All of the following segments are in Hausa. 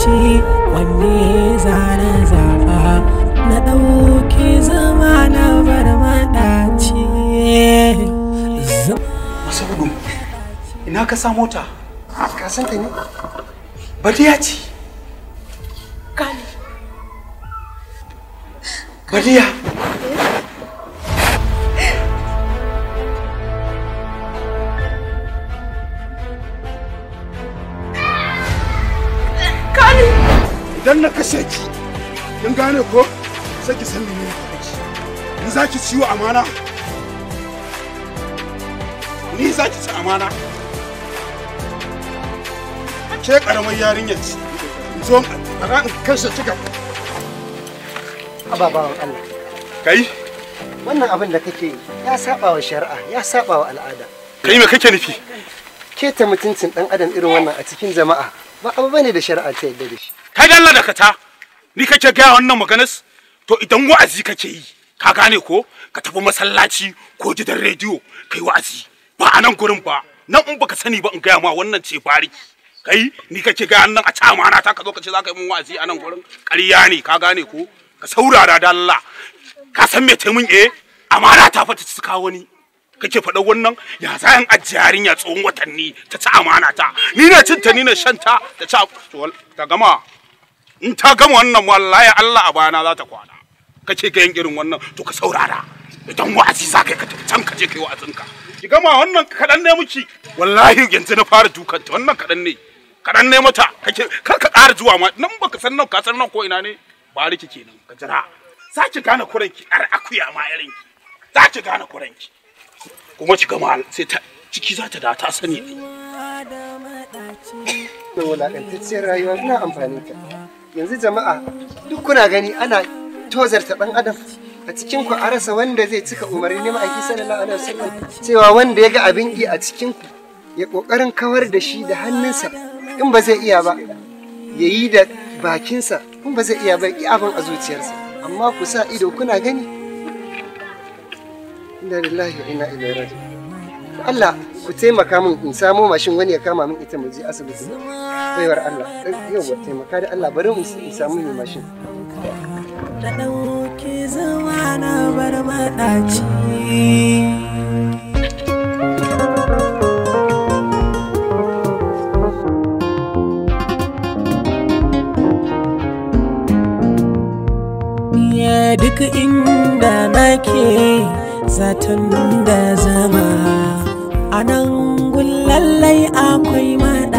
ce wanne zana zafa na ɗauki zama na bar maɗaci masu gudu ina ka sa mota ka san ta ne bari ya ce kani bari badiya gane ko sai ki san menene ki ni za ki ciwo amana ni za ki ci amana ke karamar yarinya ce zo a ran kashe ci gaba ababawan Allah kai wannan abin da kake yi ya saba wa shari'a ya saba wa al'ada kai me kake nufi ke ta mutuncin dan adam irin wannan a cikin jama'a ba abu bane da shari'a ta yadda da shi kai dalla da kata ni kake gaya wannan maganar, to idan wa'azi kake yi ka gane ko ka tafi masallaci ko gidan rediyo kai wa'azi ba a nan gurin ba nan in baka sani ba in gaya ma wannan ce bari kai ni kake gaya wannan a cama na ta ka zo ka ce za ka yi min wa'azi a nan gurin ƙarya ne ka gane ko ka saurara da Allah ka san me taimun eh amana ta fata ta kawo ni kake faɗa wannan ya zayan ajiyarin ya tsohon watanni ta ci amana ta ni na cinta ni na shanta ta ci ta gama in ta gama wannan wallahi Allah a bayana za ta kwana kace ka yin irin wannan to ka saurara idan wa'azi za ka tafi can ka je ka yi wa'azin ka ki gama wannan kaɗan ne miki wallahi yanzu na fara dukan ta wannan kaɗan ne kadan ne mata kake kar ka ƙara zuwa ma nan baka san nan ka san nan ko ina ne ba riki kenan ka jira za ki gane kuranki ar akuya ma irin ki za ki gane kuranki kuma ki gama sai ta ciki za ta da ta sani ne. Da wulaƙantacciyar rayuwa ina amfani ka yanzu jama'a duk kuna gani ana tozarta ɗan adam a cikin ku a rasa wanda zai cika umarni ma'aiki sallallahu alaihi wasallam cewa wanda ya ga abin ki a cikin ku ya kokarin kawar da shi da hannunsa in ba zai iya ba ya yi da bakinsa in ba zai iya ba ya abin a zuciyarsa amma ku sa ido kuna gani inna lillahi wa inna ilaihi raji'un Allah ku taimaka min in samo mashin wani ya kama min ita mu je asibiti baiwar Allah yau taimaka da Allah bari mu samu mai mashin da dauke zama na bar maɗaci duk inda nake zaton da zama nan gun lallai akwai mata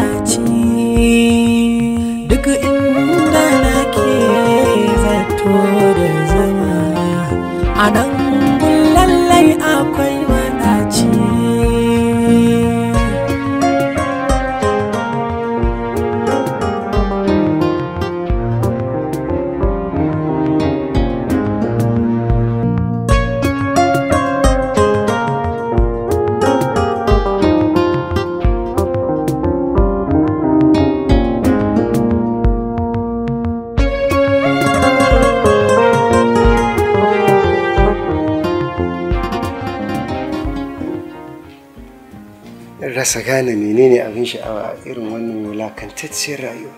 rasa gane menene abin sha'awa a irin wannan wulakantacciyar rayuwa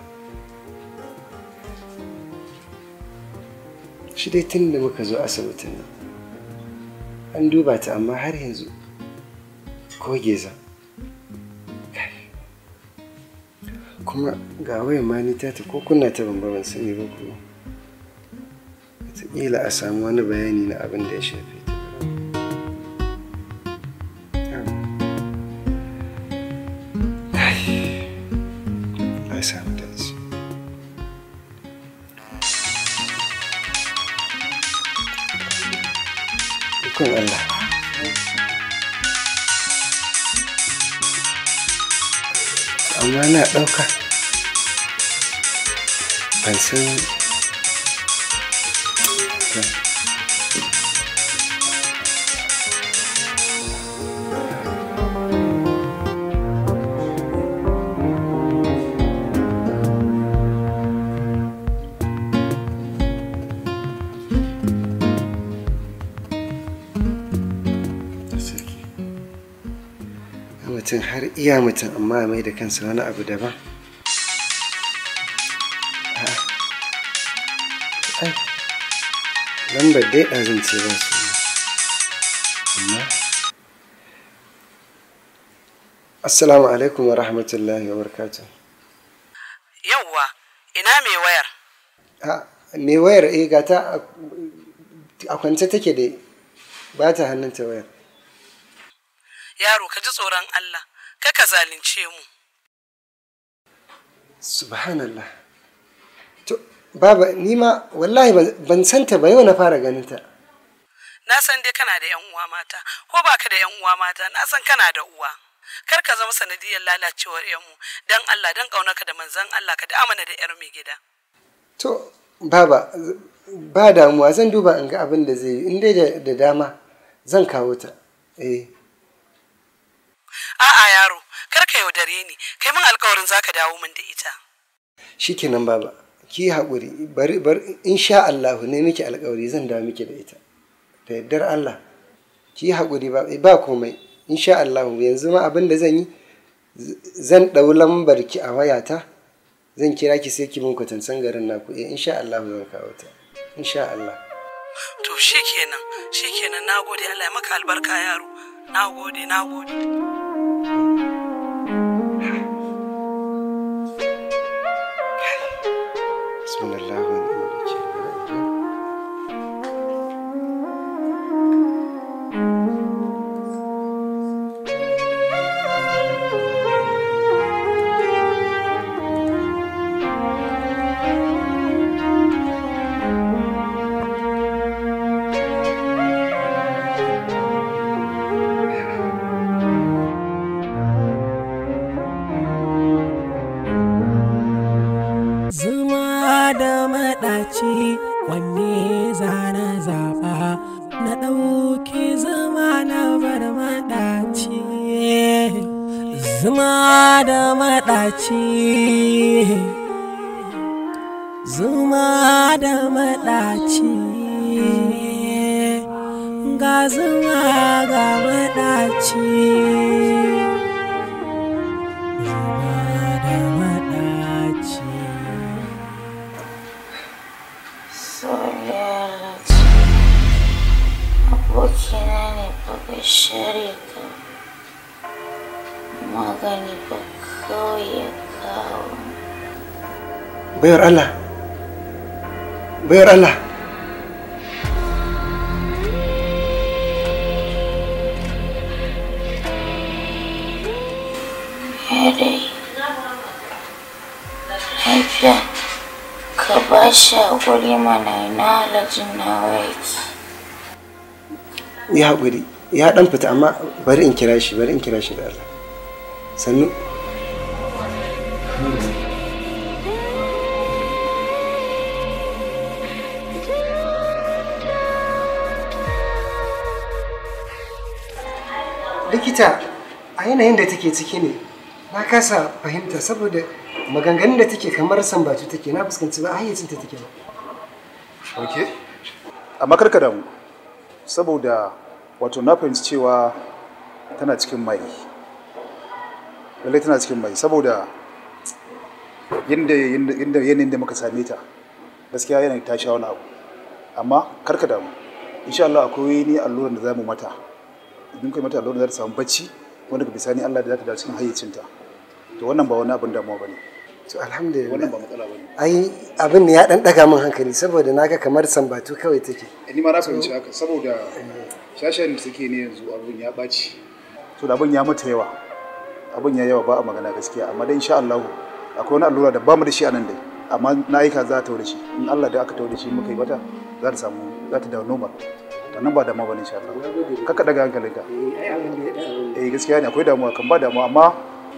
shi dai tun da muka zo asibitin nan an duba ta amma har yanzu ko geza kuma ga wayan ma ni ta ko kunna ta ban sani ba kuma ila a samu wani bayani na abin da ya shafi ikon Allah amma na ɗauka ban san mutum har iya mutum amma mai da kansa wani abu daban lambar dai ɗazin ce ba su amma assalamu alaikum wa rahmatullahi wa barkatu yawwa ina mai wayar mai wayar eh gata a kwance take da ba ta hannunta wayar yaro ka ji tsoron Allah ka ka zalunce mu subhanallah to baba ni ma wallahi ban santa ba yau na fara ganin ta na san dai kana da yan uwa mata ko baka da yan uwa mata na san kana da uwa kar ka zama sanadiyar lalacewar yanmu dan Allah dan ƙaunarka da manzan Allah ka da amana da yar mai gida to baba ba damuwa zan duba in ga abin da zai yi in dai da dama zan kawo ta eh a'a yaro kar ka yaudare ni kai min alkawarin zaka dawo min da ita shikenan baba ki haƙuri bari bari insha Allah ne miki alkawari zan dawo miki da ita da yardar Allah ki haƙuri ba ba komai insha Allah yanzu ma abin da zan yi zan ɗau lambar ki a wayata zan kira ki sai ki min kwatancan garin naku eh insha Allah zan kawo ta insha Allah to shikenan shikenan nagode Allah ya maka albarka yaro nagode nagode wanne zana zaɓa na ɗauki zama na bar maɗaci zuma da maɗaci zama da maɗaci ga zuma ga maɗaci share ka magani ba kawai ya kawo bayar Allah bayar Allah headache lafiya ka ba shi haƙuri mana na halajin na waiki. Ku haƙuri. ya dan fita amma bari in kira shi bari in kira shi da Allah sannu likita a yanayin da take ciki ne na kasa fahimta saboda maganganun da take kamar sambatu take na fuskanci ba ta take ba ok amma karka damu saboda wato na fahimci cewa tana cikin mai lallai tana cikin mai saboda yadda yanayin da muka same ta gaskiya yana ta sha wani abu amma karka damu insha Allah akwai ni alluran da za mu mata idan kai mata alluran za ta samu bacci wanda ka bisani Allah da za ta dace cikin hayyacinta to wannan ba wani abin damuwa ba ne to alhamdulillah wannan ba matsala bane ai abin ne ya dan daga min hankali saboda naga kamar sambatu kawai take eh, ni ma na fahimci haka saboda eh. shashen da suke ne yanzu abin ya baci to da abin ya mata yawa abin ya yawa ba a magana gaskiya amma dai insha Allah akwai wani allura da ba mu da shi a nan dai amma na yi za ta wuce in Allah da aka ta wuce muka yi mata za ta samu za ta da normal wannan ba damuwa bane insha Allah kaka daga hankalinka eh, eh gaskiya ne akwai damuwa kan ba damuwa amma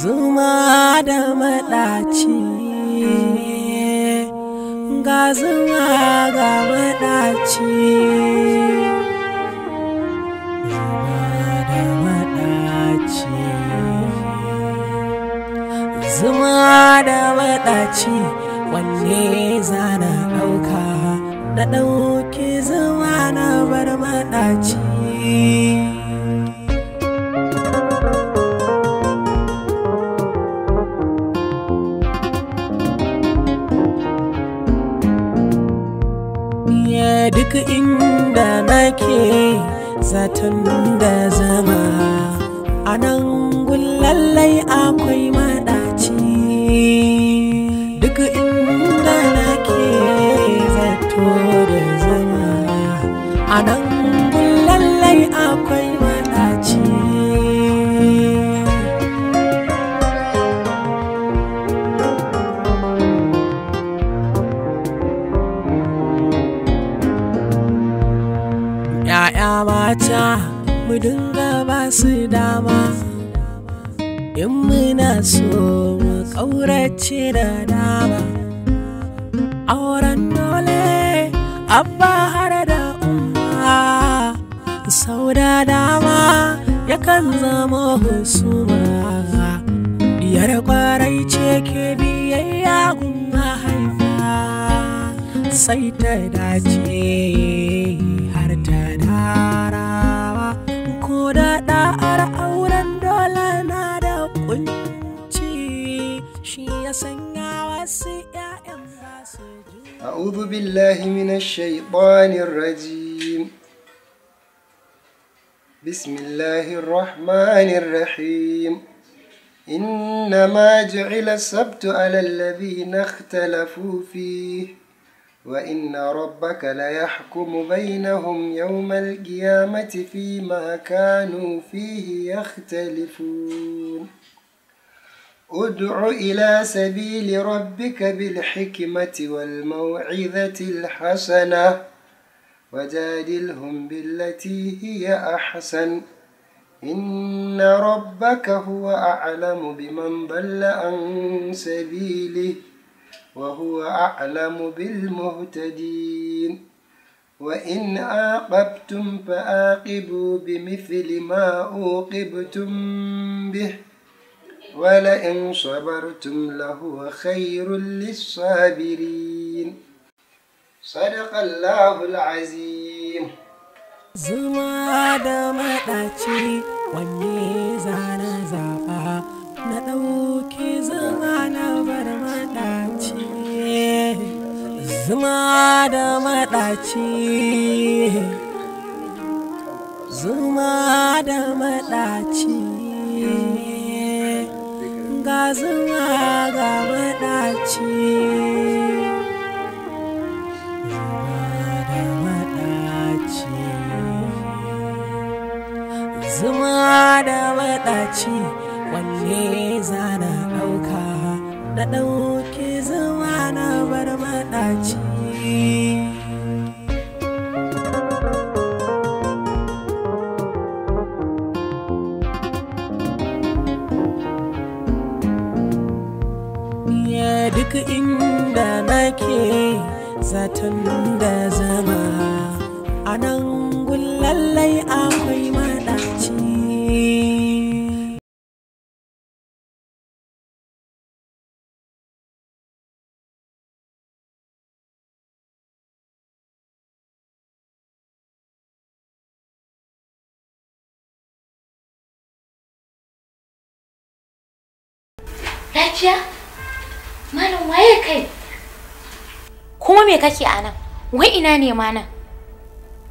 zuma da maɗaci ga zuma ga maɗaci zuma da maɗaci zuma da maɗaci wanne za na ɗauka da ɗauki zuma na bar maɗaci duk inda nake zaton da zama a nan lallai akwai maɗaci duk inda su dama in muna so mu ƙaurace da dama auren dole abba har da umma sau da dama yakan zama husuma diyar kwarai ce ke biyayya haifa sai ta dace har ta darawa ko da أعوذ بالله من الشيطان الرجيم بسم الله الرحمن الرحيم إنما جعل السبت على الذين اختلفوا فيه وإن ربك ليحكم بينهم يوم القيامة فيما كانوا فيه يختلفون ادع إلى سبيل ربك بالحكمة والموعظة الحسنة وجادلهم بالتي هي أحسن إن ربك هو أعلم بمن ضل عن سبيله وهو أعلم بالمهتدين وإن عاقبتم فعاقبوا بمثل ما أوقبتم به ولئن صبرتم لهو خير للصابرين صدق الله العظيم زما da maɗaci wanne زانا zana zuma da maɗaci zuma da maɗaci ga zuma ga maɗaci zuma da maɗaci zuma da maɗaci wanne za na ɗauka na ya duk inda nake zaton da zama anan gullallai akwai maɗaci lafiya? Malam waye kai? Kuma me kake a nan? Wai ina ne ma nan?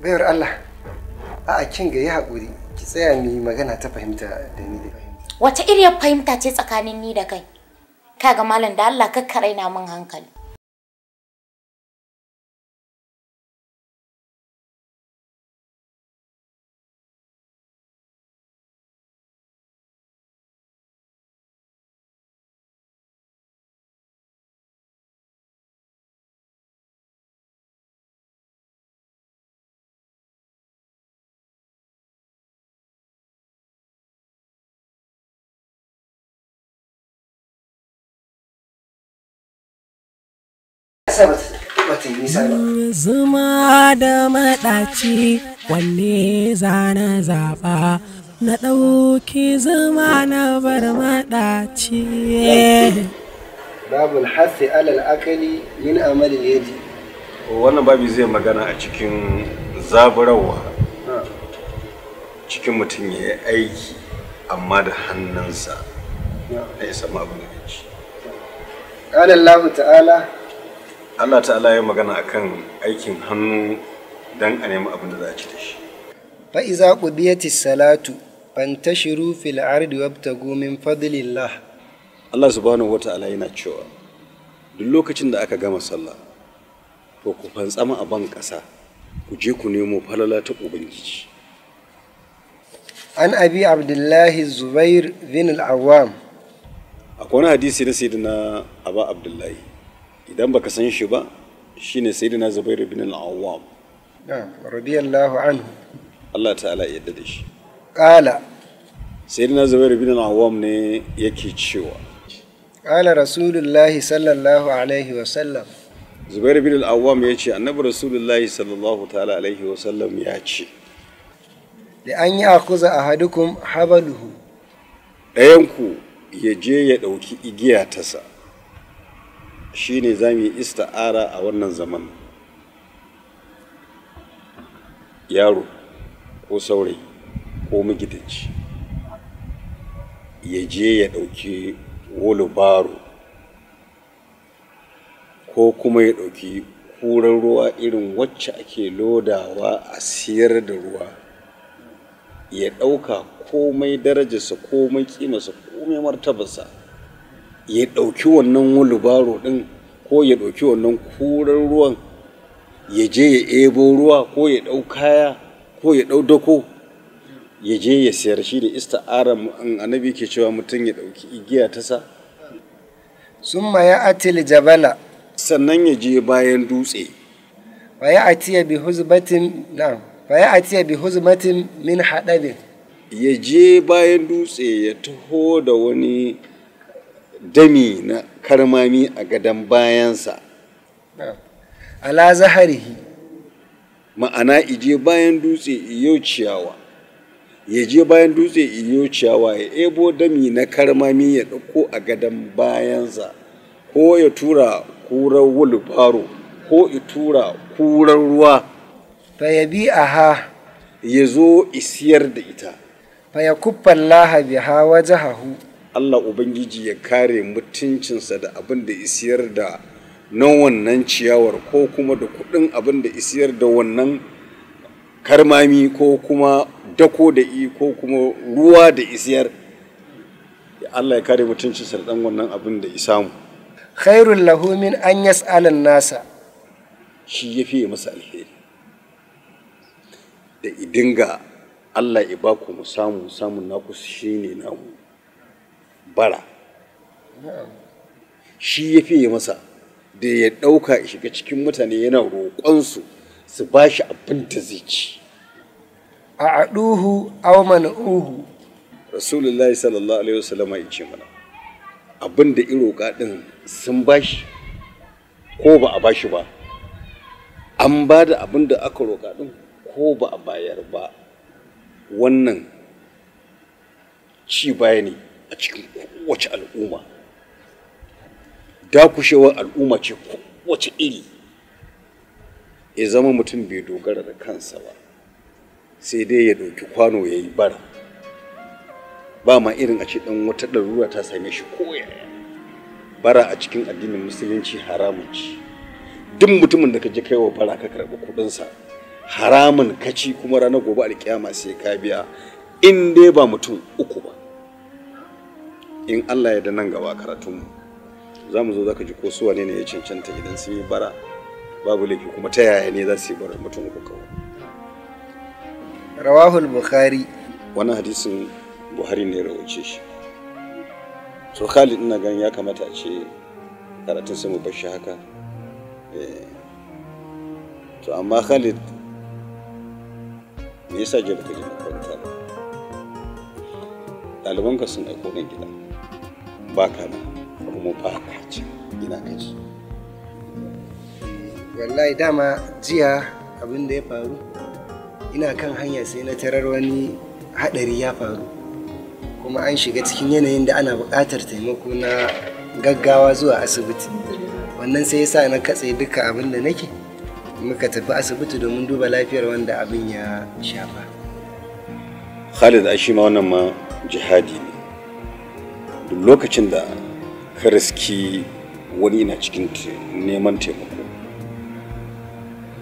Bayar Allah. A'a kin gayi yi haƙuri. Ki tsaya mu yi magana ta fahimta da ni da fahimta. Wace iriyar fahimta ce tsakanin ni da kai? Kaga malam da Allah na min hankali. Zuma da maɗaci wanne zana zaɓa na ɗauki zuma na bar maɗaci. babu hasi alal akali yin amalin yaji. Wannan babi zai magana a cikin zaburarwa cikin mutum ya yi aiki amma da hannunsa na isa abin da ya ci. Ƙalallahu ta'ala Allah ta'ala ya magana akan aikin hannu dan a nemi abin da za a ci da shi fa iza qudiyatis salatu fantashiru fil ardi wabtagu min fadlillah Allah subhanahu wata'ala yana cewa duk lokacin da aka gama sallah to ku fantsama a ban ƙasa ku je ku nemo falala ta ubangiji an abi abdullahi zubair bin al-awwam akwai wani hadisi na sayyidina aba abdullahi idan baka san shi ba shine sayyidina zubair bin al-awwam na'am radiyallahu anhu Allah ta'ala ya da shi qala sayyidina zubair ibn al-awwam ne yake cewa qala rasulullahi sallallahu alaihi wa sallam zubair bin al-awwam ya ce annabi rasulullahi sallallahu ta'ala alaihi wa sallam ya ce da an yi akuza hadukun habaluhu ɗayanku ya je ya ɗauki igiya ta sa. Shi ne za mu yi ista'ara a wannan zaman yaro ko saurayi ko magidanci ya je ya ɗauki wolubaro ko kuma ya ɗauki kuran ruwa irin wacce ake lodawa a siyar da ruwa ya ɗauka komai darajarsa komai kimarsa komai martabarsa ya ɗauki wannan wulbaro ɗin ko ya ɗauki wannan kurar ruwan ya je ya ebo ruwa ko ya ɗau kaya ko ya ɗau dako ya je ya sayar shi da ista'ara annabi ke cewa mutum ya ɗauki igiya ta sa sun ya atil jabala sannan ya je bayan dutse fa ya atiya bi huzbatin na atiya bi huzmatin min hadabin ya je bayan dutse ya taho da wani dami na karmami a gadon bayansa ala zaharihi ma'ana ije bayan dutse iyo ciyawa ya je bayan dutse iyo ciyawa ya ebo dami na karmami ya ɗauko a gadon bayansa ko ya tura kurar wulfaro ko ya tura kurar ruwa ta ya bi a ha ya zo isiyar da ita fa ya kuffa laha biha wajahahu Allah Ubangiji ya kare mutuncinsa da abin da isiyar da na wannan ciyawar ko kuma da kuɗin abin da isiyar da wannan karmami ko kuma dako da i ko kuma ruwa da isiyar Allah ya kare mutuncinsa da ɗan wannan abin da isamu. khairun lahu min an yas'alan nasa shi ya fiye masa alheri da idinga Allah ya baku mu samu samun naku shine namu bara shi ya fiye masa da ya ɗauka shiga cikin mutane yana roƙonsu su ba shi abin da zai ci a aduhu aw uhu. rasulullahi sallallahu alaihi wasallam ya ce mana abin da iro ɗin sun ba shi ko ba a ba shi ba an ba da abin da aka roƙa ɗin ko ba a bayar ba wannan ci baya ne a cikin kowace al'umma dakushewar al'umma ce kowace iri ya zama mutum bai dogara da kansa ba sai dai ya ɗauki kwano ya yi bara ba ma irin a ce ɗan wata ɗarura ta same shi koya bara a cikin addinin musulunci haramun ci duk mutumin da ka je kaiwa bara ka karɓi kuɗinsa haramun kaci kuma ranar gobe alkiyama sai ka biya in dai ba mutum uku ba in Allah ya da nan gaba karatunmu za mu zo za ka ji ko su wane ne ya cancanta idan sun yi bara babu laifi kuma ta yaya ne za su yi bara mutum uku kawai. Rawahul Bukhari. Wani hadisin Buhari ne rawace shi. So Khalid ina ganin ya kamata a ce karatun sai mu bar shi haka. Eh. To amma Khalid me yasa je baka je makaranta ba? Ɗalibanka sun aiko nan gida. baka na kuma ina ka ji wallahi dama jiya abin da ya faru ina kan hanya sai na tarar wani hadari ya faru kuma an shiga cikin yanayin da ana bukatar taimako na gaggawa zuwa asibiti wannan sai yasa na katse duka abin da nake muka tafi asibiti domin duba lafiyar wanda abin ya shafa khalid ashi ma wannan ma jihadi ne duk lokacin da ka riski wani na cikin neman taimako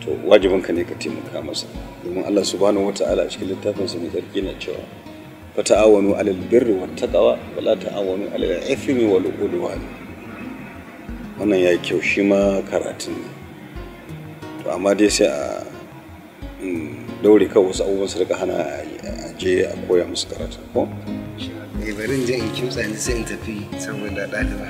to wajibinka ne ka taimaka masa domin Allah subhanahu wata'ala cikin sa mai tsarki na cewa ta'awanu alal birri wat taqwa wala ta'awanu alal ithmi wal udwan wannan ya kyau shi ma karatun to amma dai sai a mm, daure kawai wasu abubuwan su daga hana a je a koya musu karatun ko barin bari in je in sai in tafi saboda ɗaliba.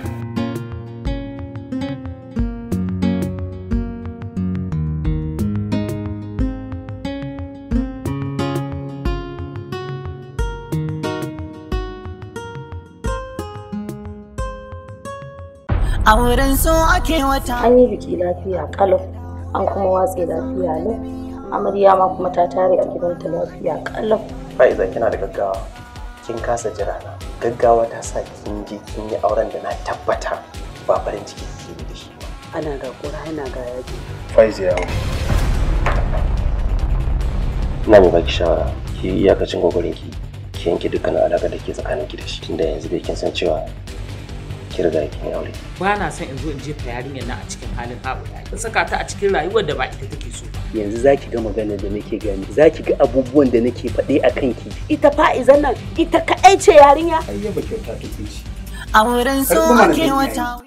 A wurin so ake wata. An yi biki lafiya ƙalau, an kuma watse lafiya lau. Amarya ma kuma ta tare a gidanta lafiya ƙalau. Fa'iza kina da gaggawa kin kasa jira na. gaggawa ta sa kin je kin yi auren da na tabbata ba farin ciki kike da shi ba ana ga kura ana ga yaji faizi yawo ina mai baki shawara ki yi iyakacin gogorin ki ki yanke dukkan alaƙa da ke tsakanin ki da shi tunda yanzu dai kin san cewa ki riga kin aure ba na son in zo in jefa yarinyar nan a cikin halin haɓu ki saka ta a cikin rayuwar da ba ita take so yanzu zaki ga maganar da nake gani zaki ga abubuwan da nake faɗe a kanki ita fa'izan nan ita ka kai ce yarinya yaba kyauta a wurin so ake wata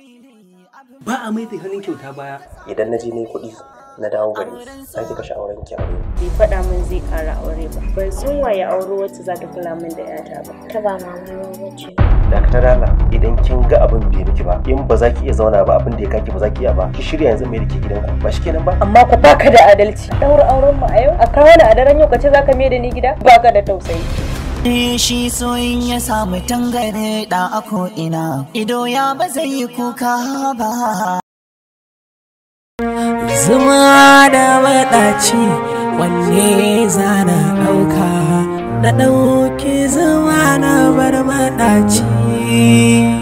ba a mai da hannun kyauta baya idan na je ne kuɗi na dawo gari sai ki kashe auren ki aure bai faɗa min zai ƙara aure ba ban san waye aure wacce za ta kula min da yata ba ta ba mama wacce ta dala idan kin ga abin bai miki ba in ba za ki iya zauna ba abin da ya kaki ba za ki iya ba ki shirya yanzu mai dake gidanku ba shikenan ba amma ku baka da adalci daura auren mu a yau a kawo ni a daren yau kace zaka mai da ni gida baka da tausayi shi soyin ya samu tangare da a ina. ido ya ba zai yi kuka ba zuma da maɗaci wanne zana ɗauka na ɗauki zuma na bar maɗaci